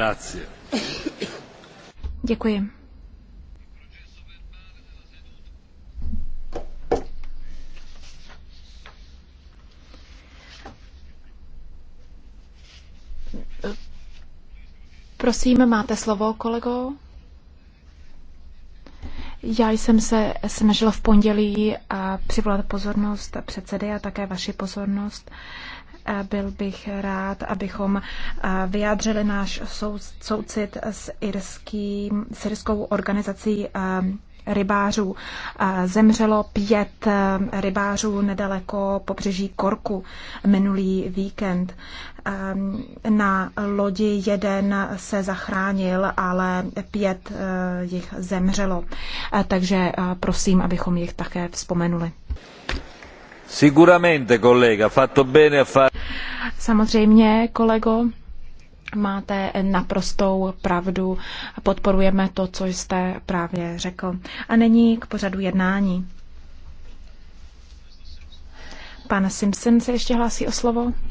Grazie. Děkuji. Prosím, máte slovo, kolego? Já jsem se snažila v pondělí a přivolat pozornost předsedy a také vaši pozornost byl bych rád, abychom vyjádřili náš soucit s, irským, s irskou organizací rybářů. Zemřelo pět rybářů nedaleko pobřeží Korku minulý víkend. Na lodi jeden se zachránil, ale pět jich zemřelo. Takže prosím, abychom jich také vzpomenuli. Sicuramente, collega, fatto bene a fare Samozřejmě, kolego, máte naprostou pravdu. Podporujeme to, co jste právě řekl. A není k pořadu jednání. Pan Simpson se ještě hlásí o slovo.